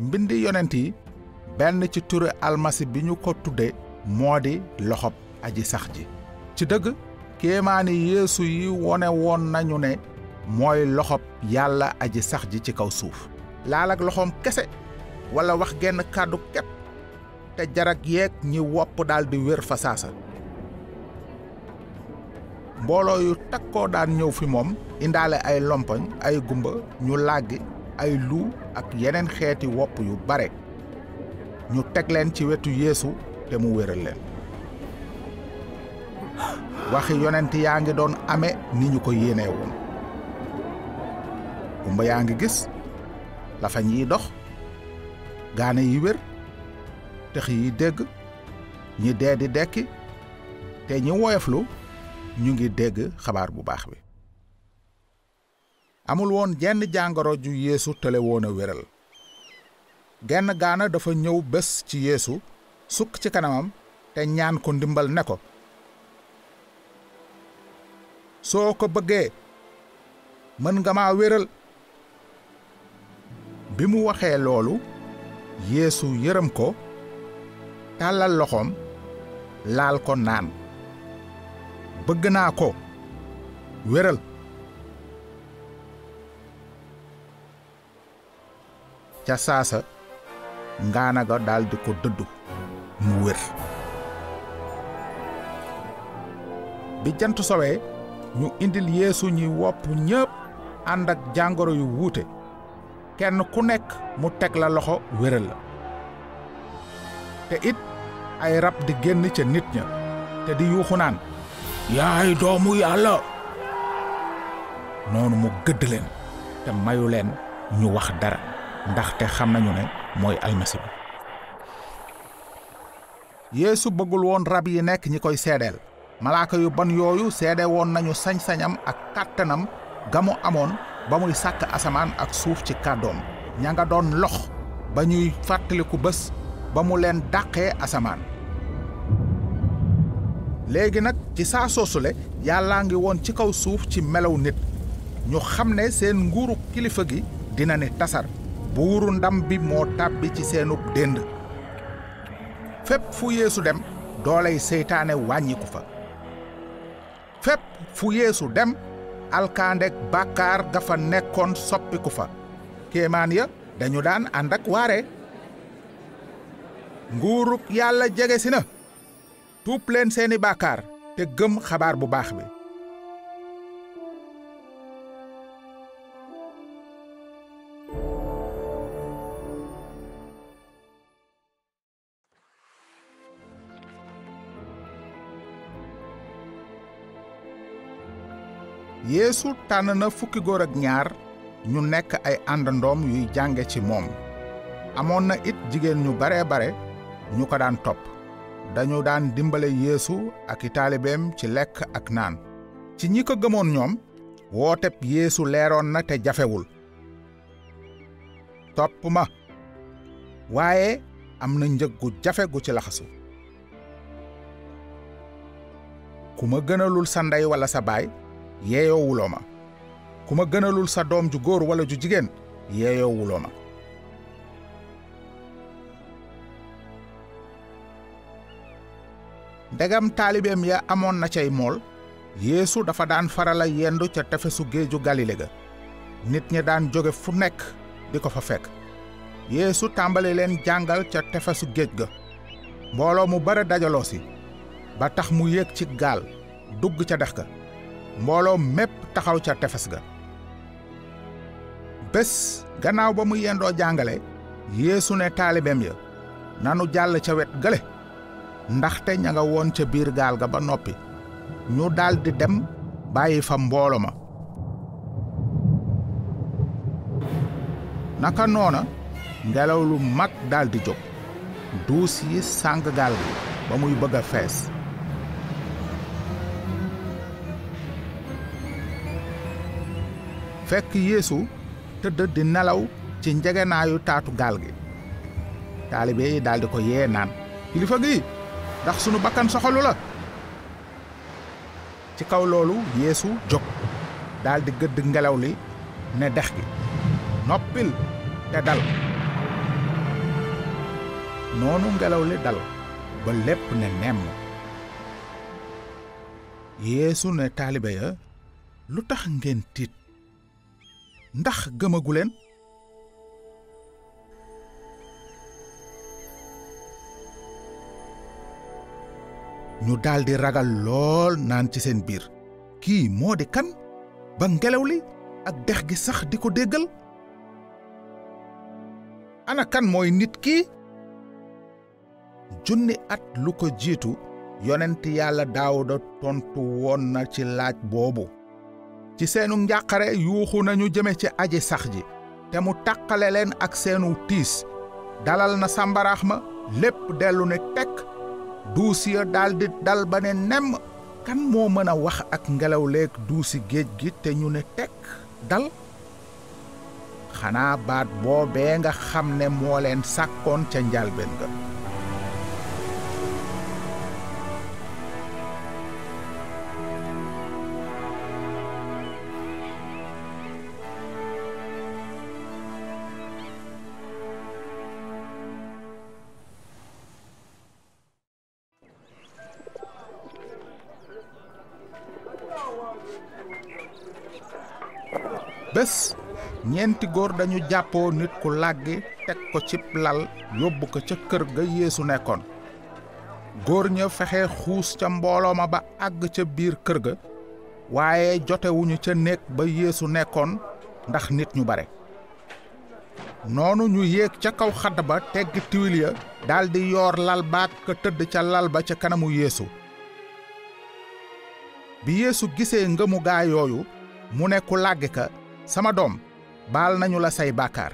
mbind yonent yi benn ci turu almasi bi ñu ko tudde moo di loxob aji sax ji ci dëgg kéemaani yéesu yi wone woon nañu ne mooy loxob yàlla aji sax ji ci kaw suuf laal loxoom kese walla wax genn kàddu képp te jarag yeeg ñi wopp daldi wér fa saasa mbooloo yu takkoo daan ñëw fi moom indaale ay lompoñ ay gumba ñu làggi ay lu ak yeneen xeeti wopp yu bare ñu teg leen ci wetu yéesu te mu wéral leen waxi yonent yaa ngi doon ame ni ñu ko yéenee woon kumba yaa ngi gis lafañ yi dox gaana yi wér tëx yi dégg ñi dee di dekki te ñi woyoflu ñu ngi dégg xabaar bu baax bi amul woon jenn jàngoro ju yeesu tële woon a wéral genn gaana dafa ñëw bés ci yeesu sukk ci kanamam te ñaan ko ndimbal ne ko soo ko bëggee mën nga maa wéral bi mu waxee loolu yéesu yërëm ko tàllal loxoom laal ko naan bëgg naa ko wéral ca saasa ngaana ga daal ko dëddu mu wér bi jant sowee ñu indil yeesu ñi wopp ñépp ànd ak jàngoro yu wuute kenn ku nekk mu teg la loxo wéral la te it ay rab di génn ca nit ña te di yuuxu naan yaay doomu yàlla noonu mu gëdd leen te mayu leen ñu wax dara ndaxte xam nañu mooy almasi bi bëggul woon rab yi nekk ñi koy seedeel malaaka yu ban yooyu seede woon nañu sañsañam ak kàttanam gamu amoon ba muy sàkk asamaan ak suuf ci kàddoom ña nga doon lox ba ñuy fàttaliku bés ba mu leen dàqee asamaan léegi nag ci saa soosule yàllaa ngi woon ci kaw suuf ci melow nit ñu xam ne seen nguuru kilifa gi dina ni tasar buuru ndam bi moo tàbbi ci seenub dénd fépp fu yeesu dem dooley seytaane wàññiku fa fépp fu yéesu dem alkaandeg bàkkaar gafa nekkoon soppiku fa kéemaan ya dañu daan ànd ak waare nguuruk yàlla jege si na tuub seeni bàkkaar te gëm xabaar bu baax bi yéesu tànn na fukki góor ak ñaar ñu nekk ay àndandoom yuy jànge ci moom amoon na it jigéen ñu bare bare ñu ko daan topp dañu daan dimbale yéesu ak i taalibeem ci lekk ak naan ci ñi ko gëmoon ñoom wooteb yéesu leeroon na te jafewul topp ma waaye am na njëg gu jafe gu ci laxasu ku ma gënalul sa ndey walla sa baay yeeyoo ma ku ma gënalul sa doom ju góor wala ju jigéen yeeyoo wuloo ndegam taalibeem ya amoon na cay mool yéesu dafa daan farala yendu ca tefesu géeju galile ga nit ña daan jóge fu nekk di ko fa fekk yéesu tàmbali leen jàngal ca tefesu géej ga mbooloo mu bare dajaloo si ba tax mu yéeg ci gaal dugg ca dex ga mbooloo mépp taxaw ca tefes ga bés gannaaw ba mu yendoo jàngale yéesu ne taalibeem ya nanu jàll ca wet gale ndaxte ña nga woon ca biir gaal ga ba noppi ñu daldi dem bàyyi fa mboolo ma naka noona ngelaw lu mag daldi jóg duus yi sàng gaal gi ba muy bëgg a fees fekk yéesu tëdd di nelaw ci njegenaayu taatu gaal gi taalibe yi daldi ko yee naan kilifa gi ndax sunu bakkan soxalu la ci kaw loolu yéesu jóg daldi gëdd ngelaw li ne dex gi noppil te dal noonu ngelaw li dal ba lépp ne nemm yeesu ndax gëmaguleen ñu daldi ragal lool naan ci seen biir kii moo di kan ba ngelaw li ak dex gi sax di ko déggal ana kan mooy nit kii junni at lu ko jiitu yonent yàlla daawuda tontu woon na ci laaj boobu ci seenu njàqare yuuxu nañu jëme ci aji sax ji te mu tàqale leen ak seenu tiis dalal na sàmbaraax ma lépp dellu ne tekk duus ya daldi dal ba ne nemm kan moo mën a wax ak ngelaw leeg duusi géej gi te ñu ne tekk dal xanaa baat boobee nga xam ne moo leen sàkkoon ca njalbeen ga bés ñeenti góor dañu jàppoo nit ku làggi teg ko cib lal yóbbu ko ca kër ga yéesu nekkoon góor ña fexe xuus ca mbooloo ma ba àgg ca biir kër ga waaye jotewuñu ca néeg ba yéesu nekkoon ndax nit ñu bare noonu ñu yéeg ca kaw xadd ba tegg tiwil ya daldi yoor lal baat ka tëdd ca lal ba ca kanamu yeesu bi yeesu gisee ngëmu gaa yooyu mu ne ku làggi ka sama doom baal nañu la say bàkkaar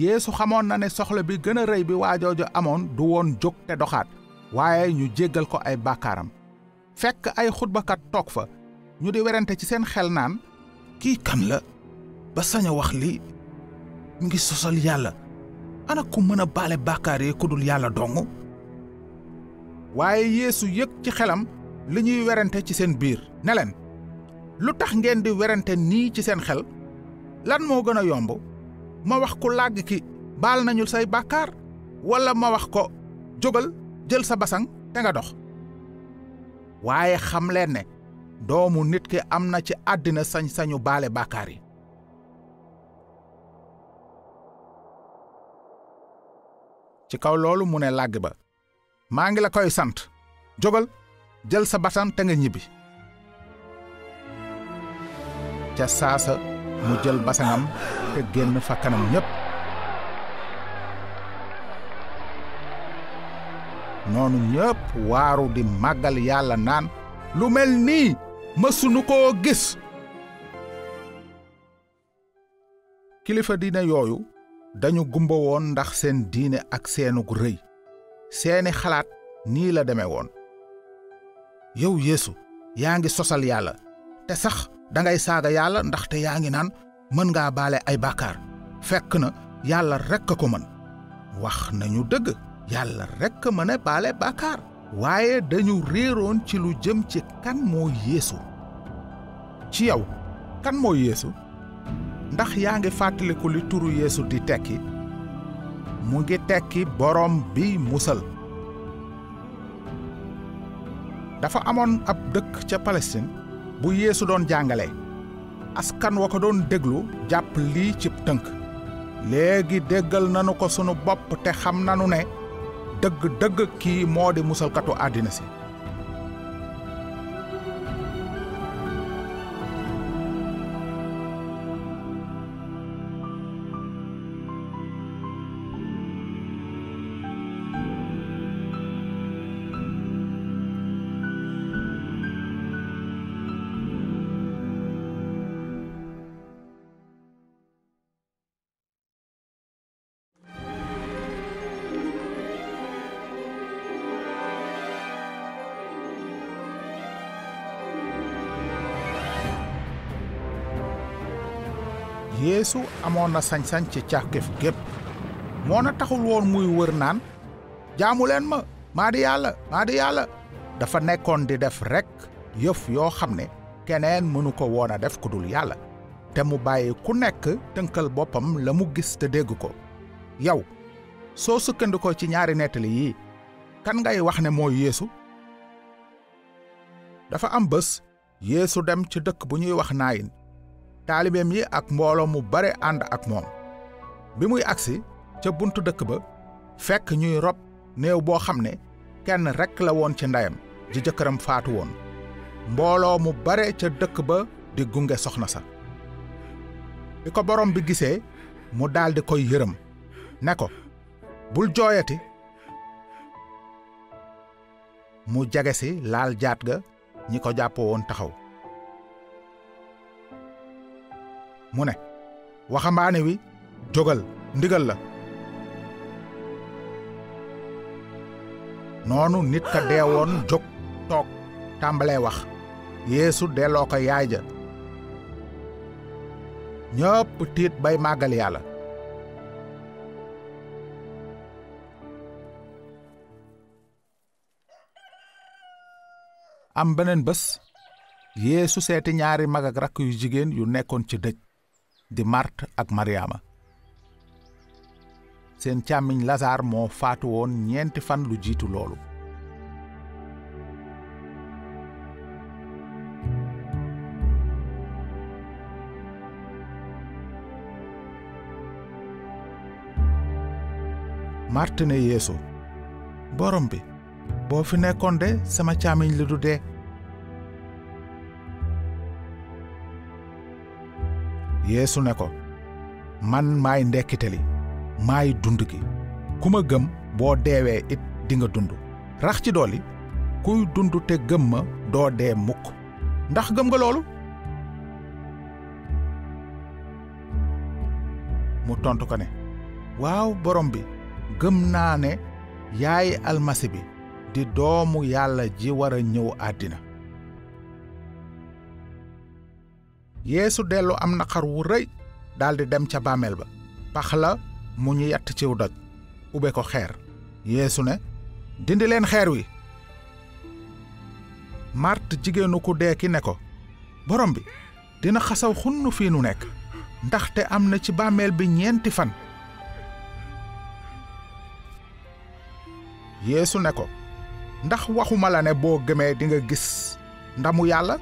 yéesu xamoon na ne soxla bi gën a rëy bi waajooju amoon du woon jóg te doxaat waaye ñu jéggal ko ay bàkkaaram fekk ay xutbakat toog fa ñu di werante ci seen xel naan kii kan la ba sañ wax li ngi sosal yàlla ana ku mën a baale bàkkaar yi ku dul yàlla dong waaye yéesu yëg ci xelam li ñuy werante ci seen biir ne leen lu tax ngeen di werante nii ci seen xel lan moo gën a yomb ma wax ku làgg ki baal nañu say bàkkaar walla ma wax ko jógal jël sa basang te nga dox waaye xam leen ne doomu nit ki am na ci àddina sañ-sañu baale bàkkaar yi ci kaw loolu mu ne làgg ba maa ngi la koy sant jógal jël sa basan te nga ñibbi ca saasa mu jël basangam te génn fa kanam ñépp noonu ñépp waaru di màggal yàlla naan lu mel nii mësunu koo gis kilifa diine yooyu dañu gumba woon ndax seen diine ak seenug rëy seeni xalaat nii la deme woon yow Yeesu yaa ngi sosal yàlla te sax dangay saaga yàlla ndaxte yaa ngi naan mën ngaa baale ay bàkkaar fekk na yàlla rekk a ko mën wax nañu dëgg yàlla rekk mën a baale bàkkaar waaye dañu réeroon ci lu jëm ci kan moo yeesu ci yow kan moo yeesu ndax yaa ngi fàttaliku li turu yéesu di tekki mu ngi tekki boroom bi musal dafa amoon ab dëkk ca Palestine bu yéesu doon jàngale askan wa ko doon déglu jàpp lii cib tënk léegi déggal nanu ko sunu bopp te xam nanu ne dëgg-dëgg kii moo di musalkatu àddina si yeesu amoon na sañ-sañ ci càkkeef gépp moo na taxul woon muy wër naan jaamu leen ma maa di yàlla maa di yàlla dafa nekkoon di def rekk yëf yoo xam ne keneen mënu ko woon a def ko dul yàlla te mu bàyyi ku nekk tënkal boppam la mu gis te dégg ko yow soo sukkandikoo ci ñaari nettali yii kan ngay wax ne mooy yéesu dafa am bés yéesu dem ci dëkk bu ñuy wax naayin taalibeem yi ak mbooloo mu bare ànd ak moom bi muy agsi ca buntu dëkk ba fekk ñuy rob néew boo xam ne kenn rekk la woon ci ndeyam ji jëkkëram faatu woon mbooloo mu bare ca dëkk ba di gunge soxna sa bi ko boroom bi gisee mu daldi koy yërëm ne ko bul jooyati mu jege si laal jaat ga ñi ko jàppoo woon taxaw mu ne waxambaane wi jógal ndigal la noonu nit ka deewoon jóg toog tàmbalee wax yéesu delloo ko yaay ja ñëpp tiit bay màggal yàlla am beneen bés yeesu seeti ñaari mag yu jigéen yu nekkoon ci dëj di Marthe ak Mariama seen càmmiñ Lazare moo faatu woon ñeenti fan lu jiitu loolu Marthe ne Yeesu borom bi boo fi nekkoon de sama càmmiñ li du yeesu ne ko man maay ndekkite li maay dund gi ku ma gëm boo deewee it dinga nga dund rax ci dolli kuy dund te gëm ma doo dee mukk ndax gëm nga loolu mu tontu ko ne waaw borom bi gëm naa ne yaay almasi bi di doomu yàlla ji war a ñëw àddina yéesu dellu am na xar wu rëy daldi dem ca bàmmeel ba pax la mu ñu yatt ciw doj ube ko xeer yéesu ne dindi leen xeer wi màrt jigéenu ku dee ki ne ko borom bi dina xasaw xunn fii nu nekk ndaxte am na ci bàmmeel bi ñeenti fan yéesu ne ko ndax waxuma la ne boo gëmee dinga gis ndamu yàlla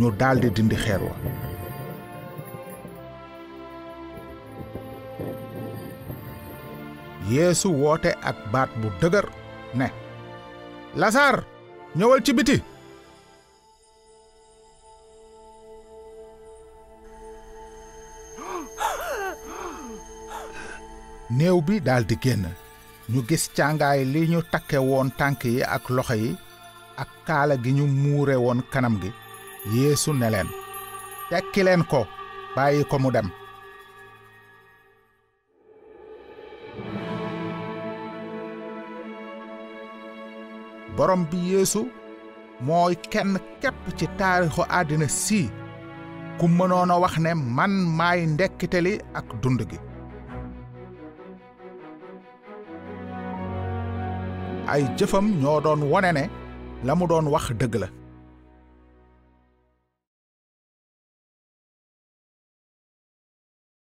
ñu daldi dindi xeer woote ak baat bu dëgër ne lasaar ñëwal ci biti néew bi daldi génn ñu gis càngaay li ñu takke woon tànk yi ak loxo yi ak kaala gi ñu muure woon kanam gi yéesu neleen leen ko bàyyi ko mu dem borom bi yéesu mooy kenn képp ci taarixu àddina sii ku mënoon a wax ne man maay ndekkite li ak dund gi ay jëfam ñoo doon wone ne la mu doon wax dëgg la